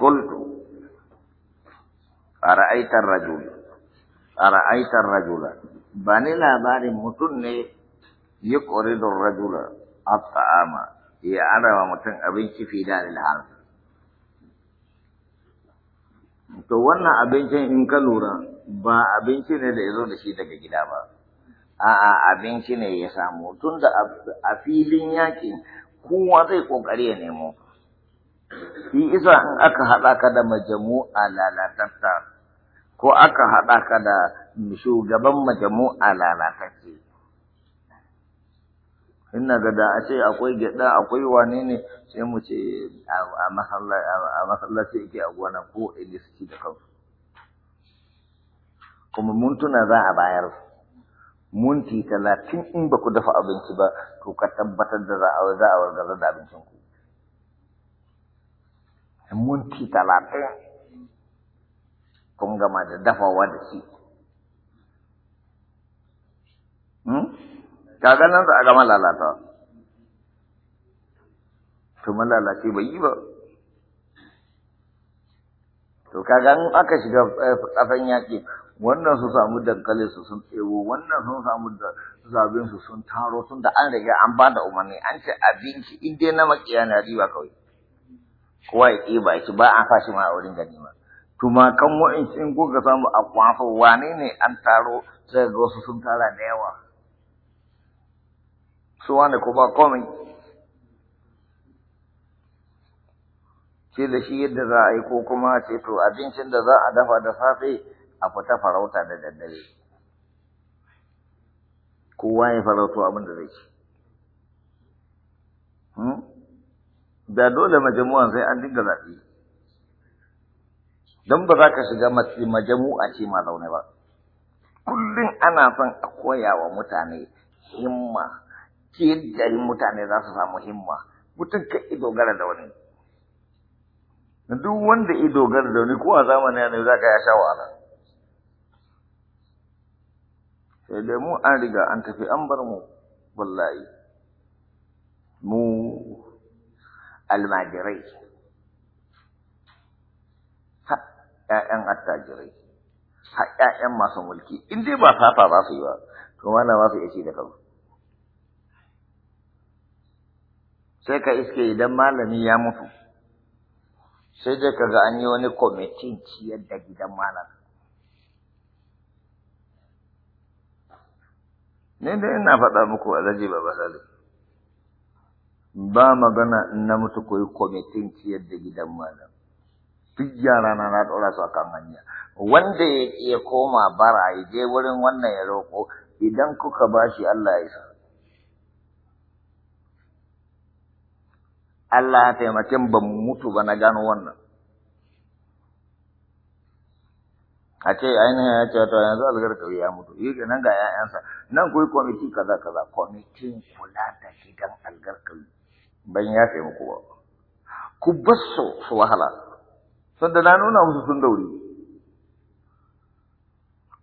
Kultu Ara'aitar rajul Ara'aitar rajula Bani labarin mutum ne yuqridur rajula at'ama ya arawa mutum abinci fi daril har To wannan abincin in ka lura ba abinci ne da ya zo da shi daga gida ba A'a abinci ne ya samu tun da a filin yaƙi kowa zai ƙoƙari ya nemo. shi isa in aka haɗa ka da majamu'a lalatatta ko aka haɗa ka da shugaban majamu'a lalatacce ina ga da a ce akwai gyaɗa akwai wane ne sai mu ce a masallaci yake a gona ko inda da kansu kuma mun tuna za a bayar munti talatin in ba ku dafa abinci ba to ka tabbatar da za a wargaza da abincin ku. munti talatin kun gama da dafawa da shi hmm? kaga nan za a gama lalata to lalace bai yi ba to kaga in aka shiga kasan eh, yaƙi wannan su samu dankali su sun ɗebo wannan sun samu da zabin su sun taro tun da an riga an ba da umarni an ce abinci in dai na makiya na riba kawai kowa ya ƙi ba ba a fashi ma a wurin Tuma tumakan wa'in kuka samu a kwafa wane ne an taro sai ga wasu sun tara da yawa su wane ko ba komai ce da shi yadda za a yi ko kuma ce to abincin da za a dafa da safe a fita farauta da daddare kowa ya farauto abin da zai ci hmm? da dole majamu'an sai an dinga zaɓe don ba za ka shiga majamu'a ce ma zaune ba kullum ana son a koya wa mutane himma ke yadda mutane za su samu himma mutum ka dogara da wani duk wanda ya dogara da wani ko a zamanin yanayi za ka ya sha wahala sai dai mu an riga an tafi an bar mu wallahi mu almajirai ha ƴaƴan attajirai ha ƴaƴan masu mulki in dai ba fafa za su yi ba to mana za su iya da kansu sai ka iske idan malami ya mutu sai dai ka ga an yi wani kwamitin ciyar da gidan malami. ne da ina faɗa muku alhaji ba salim ba magana in na mutu koyi kwamitin ciyar da gidan malam duk yara na na ɗora su akan hanya wanda ya koma bara ya je wurin wannan ya roko idan kuka bashi Allah ya isa Allah ya taimake ba mu mutu ba na gano wannan a ce ainihin ya ce to yanzu algarkawi ya mutu yi nan ga 'ya'yansa nan kuwa kwamiti kaza kaza kwamitin kula da gidan algarkawi ban ya fi muku ba ku basu su wahala sanda na nuna musu sun dauri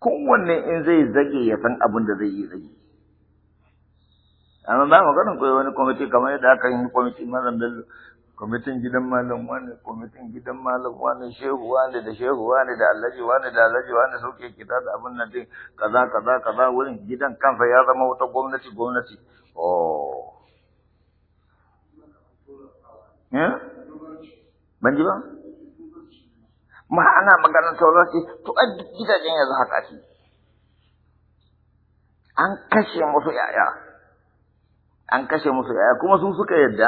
wanne in zai zage ya san abin da zai yi zage amma ba maganin koyi wani kwamiti kamar yadda aka yi kwamiti mazan kwamitin gidan malam wani kwamitin gidan malam wani shehu wani da shehu wani da alhaji wani da alhaji wani sauke kita da abin nan din kaza kaza kaza wurin gidan kansa ya zama wata gwamnati gwamnati oh Ya? Banji ba ma ana maganar taurasi to a gidajen yanzu haka shi an kashe musu yaya an kashe musu yaya kuma su suka yadda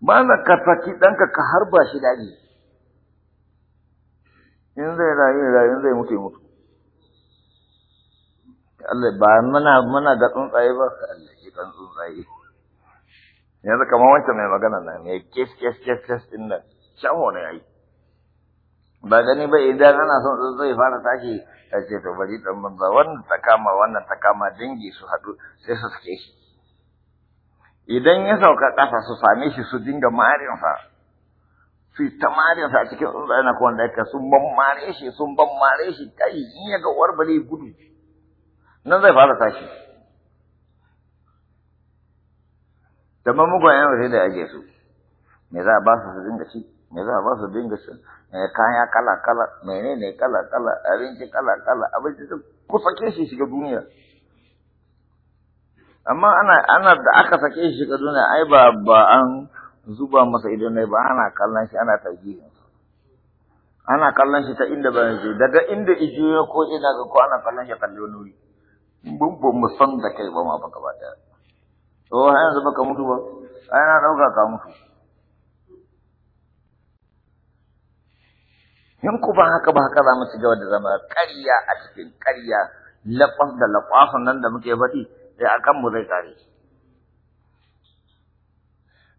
ba na ka faki ɗanka ka harba shi daji in zai rayu rayu in zai mutu mutu Allah ba muna muna ga tsuntsaye ba Allah ya kan tsuntsaye yanzu kamar wancan mai magana nan mai kes kes kes kes din nan shaho na yayi ba gani ba idan ana son zai fara tashi a ce to bari dan banza wannan ta kama wannan ta kama dangi su haɗu sai su suke shi idan ya sauka ƙasa su same shi su dinga marinsa su ta marinsa a cikin yana na kowanne ka sun ban mare shi sun ban mare shi kai in ya ga uwar gudu nan zai fara tashi da ba mugayen sai da aje su me za a ba su su dinga shi me za a ba su dinga shi me kaya kala kala menene kala kala abinci kala kala abinci duk ku sake shi shiga duniya amma ana ana da aka sake shi shiga duniya ai ba ba an zuba masa ido ne ba ana kallon shi ana tauhidin ana kallon shi ta inda ba je daga inda ijiyo ko ina ga ko ana kallon shi kallo nuri mun ba mu da kai ba ma ba gaba daya to oh, har yanzu baka mutu ba ai na dauka ka mutu in ku ba haka ba haka za mu ci gaba da zama ƙarya a cikin ƙarya laƙwas da laƙwasan nan da muke faɗi sai a kanmu zai kare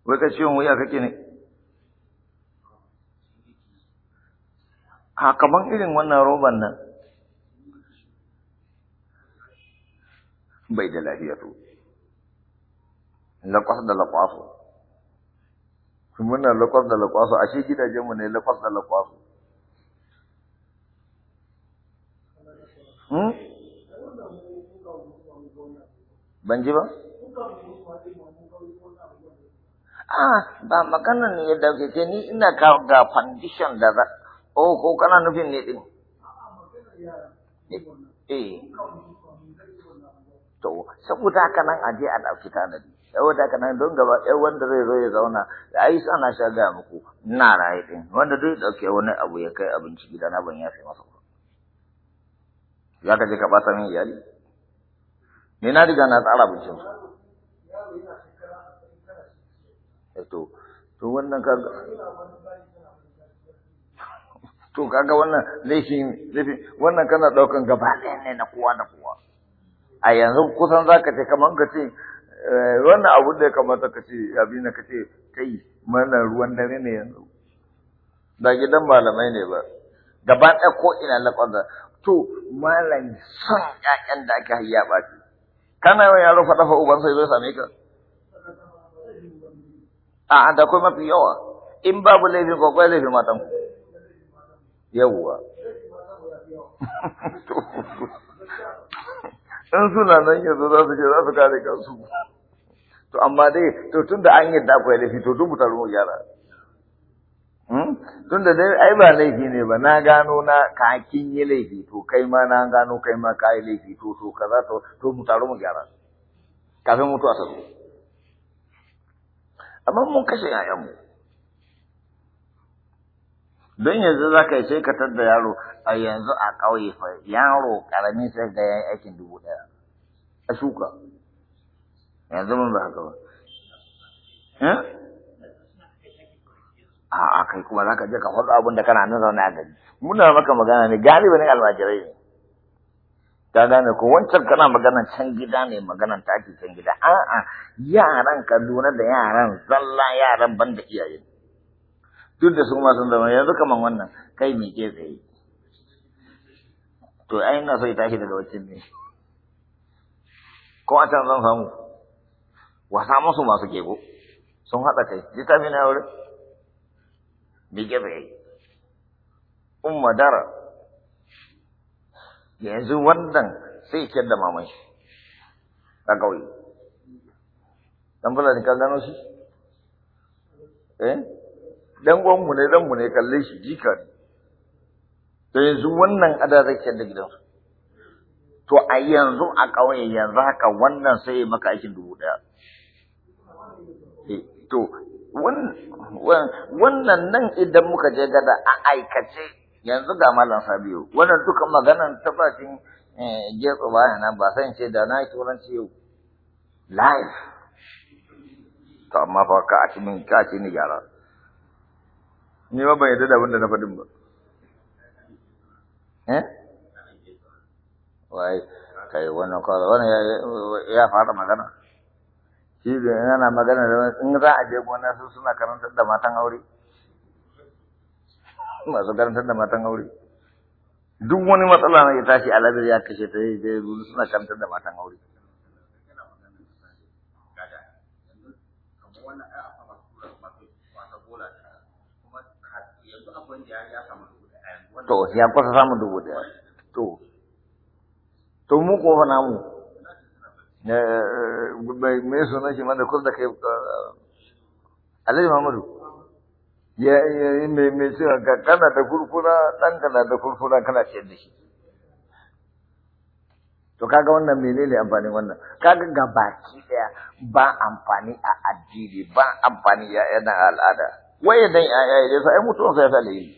wai ka ciwon wuya kake ne a kaman irin wannan roban nan bai da lafiya to lakwas da lakwaso muna lakwas da lakwaso ashe gidajenmu ne lakwas da lakwaso hmm? ban ji ba? a ba makana ne ya dauke ce ni ina ka ga fandishon da za o ko kana nufin ne din eh to saboda haka nan aje a dauki tanadi saboda haka nan don gaba ɗaya wanda zai zo ya zauna da ai sana sha ga muku ina raye din wanda duk dauke wani abu ya kai abinci gida na ban yafe masa ba ya ka je ka bata min iyali ni na riga na tsara abincin su eh to to wannan ka to kaga wannan laifin laifin wannan kana daukan gaba ɗaya ne na kowa da kowa a yanzu kusan zaka ce kamar ka ce Eh, wannan abu da ya kamata ka ce abin da ka ce kai mana ruwan dare ne yanzu ba gidan malamai ne ba gaba ɗaya ko ina laƙwanda to malam son ƴaƴan da ake hayya ba ce kana yawan yaro faɗa fa uban sai zai same ka a da kuma mafi yawa in babu laifin kwakwai laifin matan yawwa in suna nan yanzu za su ce za su kare kansu to amma dai to tun da an yadda da laifi to tun mu mu gyara hmm? tun da dai ai ba laifi ne ba na gano na kakin yi laifi to kai ma na gano kai ma ka yi laifi to to kaza to to mu taru mu gyara kafin mutuwa ta zo amma mun kashe 'ya'yanmu don yanzu za ka yi sai ka tadda yaro a yanzu a ƙauye fa yaro ƙarami sai ga yayi aikin dubu ɗaya a shuka yanzu mun ba haka ba eh? a kai kuma za ka je ka faɗo abin da kana nan zaune a gari muna maka magana ne ne almajirai ne ka gane ko wancan kana maganan can gida ne maganan taki can gida a'a yaran ka lura da yaran zalla yaran banda iyayen duk da su ma sun zama yanzu kaman wannan kai mai ke tsaye to ai ina so ya tashi daga wacin ne ko a can zan samu wasa musu masu kebo sun haɗa kai littafi na wuri mai ke tsaye umma dara yanzu wannan sai ke da mamai a ƙauye ɗan fulani kan gano shi eh dan mu ne dan mu ne kalle shi jika ne to yanzu wannan ada zake da gidansu to a yanzu a ƙauye yanzu haka wannan sai ya maka aikin dubu ɗaya eh, to wannan nan idan muka je gada a aikace yanzu ga malam sabiyo wannan duka maganan tabbacin eh, getso baya nan ba san ce da na yi turanci yau live to amma fa ka a cikin ka ni gyara ni ba ban yarda da abin na faɗin ba eh wai kai wannan kawai wannan ya fara magana shi da yana magana da in za a je gona su suna karantar da matan aure masu karantar da matan aure duk wani matsala na ya tashi aladar ya kashe ta yi suna karantar da matan aure to ya kusa samun dubu ɗaya to to mu ko fa namu me na shi mana kusa da kai uh, alhaji mamadu ya me me cewa ka kana da kurkura dan kana da kurkura kana ce da shi to kaga wannan menene amfanin wannan kaga ga baki daya ba amfani a addini ba amfani ya yana al'ada waye dan yaya ya sa ai mutuwan sa ya alheri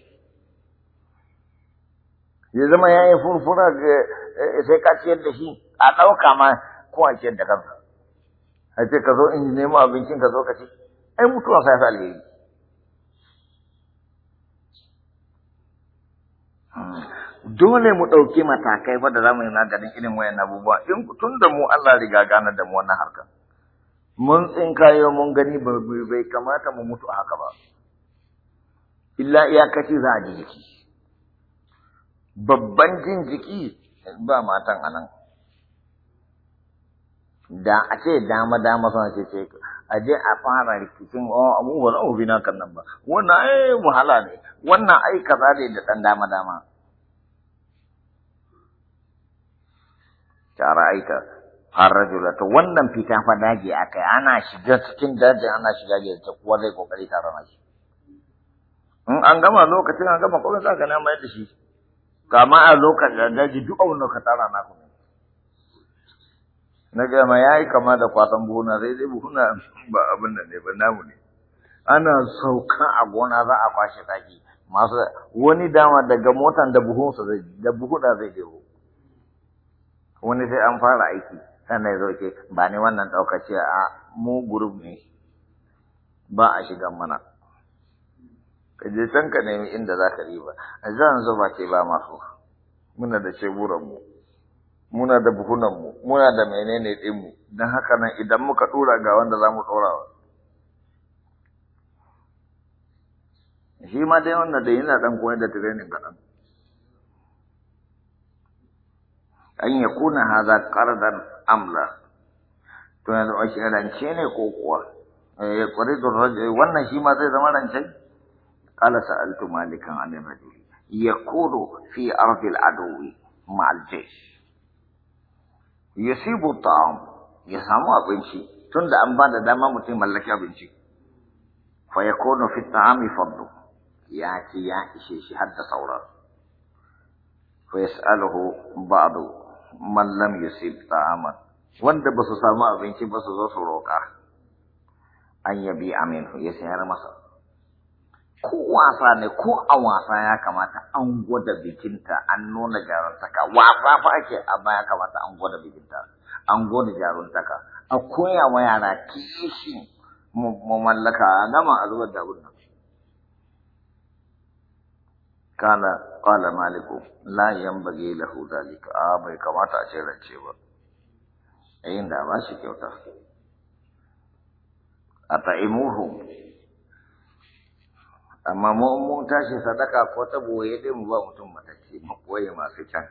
ya zama ya furfura furfura sai ka ciyar da shi a ɗauka ma ko a ciyar da kansa a ce ka zo in nemo abincin ka zo ka ci ai mutuwan sai ya alheri dole mu ɗauki matakai fa da za mu yi maganin irin wayan abubuwa in tun da mu Allah riga gane da mu wannan harkar mun tsinkayo mun gani bai kamata mu mutu haka ba illa iyakaci za a ji jiki babban jin jiki ba matan anan da a ce dama dama suna ce ce a je a fara rikicin o oh, abubuwan obi na kan nan ba wannan ai wahala ne wannan ai kaza ne da dan dama dama tara aika har rajula to wannan fita fa daji akai ana shiga cikin daji ana shiga da ta kuwa zai kokari tare na shi in an gama lokacin an gama komai za ka na mai da shi kama a lokacin daji duk abin da ka tara na ku. na ga ya yi kama da kwatan buhuna sai dai buhuna ba abin da ne ba namu ne ana saukan a gona za a kwashe taki masu wani dama daga motan da buhunsa zai da buhuna zai je wani sai an fara aiki sannan ya zo ce ba ne wannan ɗaukace a mu gurub ne ba a shigan mana ka je can ka nemi inda za ka riba a zuba ce ba masu muna da mu, muna da buhunanmu muna da menene ɗinmu don haka nan idan muka ɗora ga wanda za mu wa. shi ma dai wannan da yana ɗan koyar da training kaɗan an ya kuna haza ƙardan amla to yanzu a shi rance ne ko kuwa ya eh, ƙwari eh, wannan shi ma zai zama rancen قال سألت مالكا عن الرجل يكون في أرض العدو مع الجيش يصيب الطعام يسامو أبنشي تند أنبان داما متي ملك أبنشي فيكون في الطعام فضل ياتي ياتي شيء شي حد صورة فيسأله بعض من لم يصيب طعاما وند بس سامو أبنشي بس زو روكا أن يبيع منه يسير مصر ko wasa ne ko a wasa ya kamata an gwada bikinta an nuna jaruntaka wasa fa ake amma ya kamata an gwada bikinta an gwada jaruntaka a koya wa yara kishin mu mallaka a gama a zubar da abin kala kala maliku la bage lahu dalika a bai kamata a ce rance ba inda da ba shi kyauta ataimuhum amma mu mun tashi sadaka ko ta boye dai mu ba mutum matacce mu boye masu can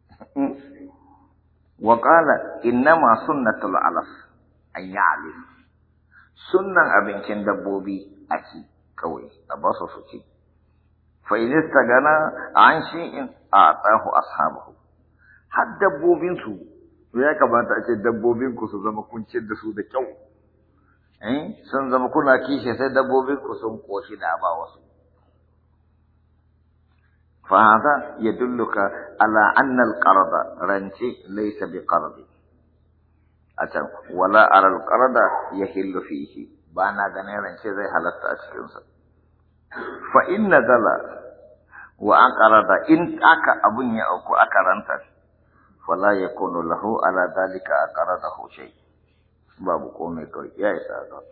wa qala ma sunnatul alaf an ya'lim sunnan abincin dabbobi a kawai a ba su su fa in istagana an a tsahu ashabahu har dabbobin su ya kamata a ce dabbobin ku su zama kun da su da kyau sun zama kuna kishi sai dabbobin ku sun koshi da ba wasu فهذا يدلك على أن القرض رنتي ليس بقرض أتم ولا على القرض يحل فيه بانا غني رنتي زي حالت أشكنسا فإن دل وأقرض إن أكا أبني أو أكرنت فلا يكون له على ذلك أقرضه شيء babu komai kawai ya isa haka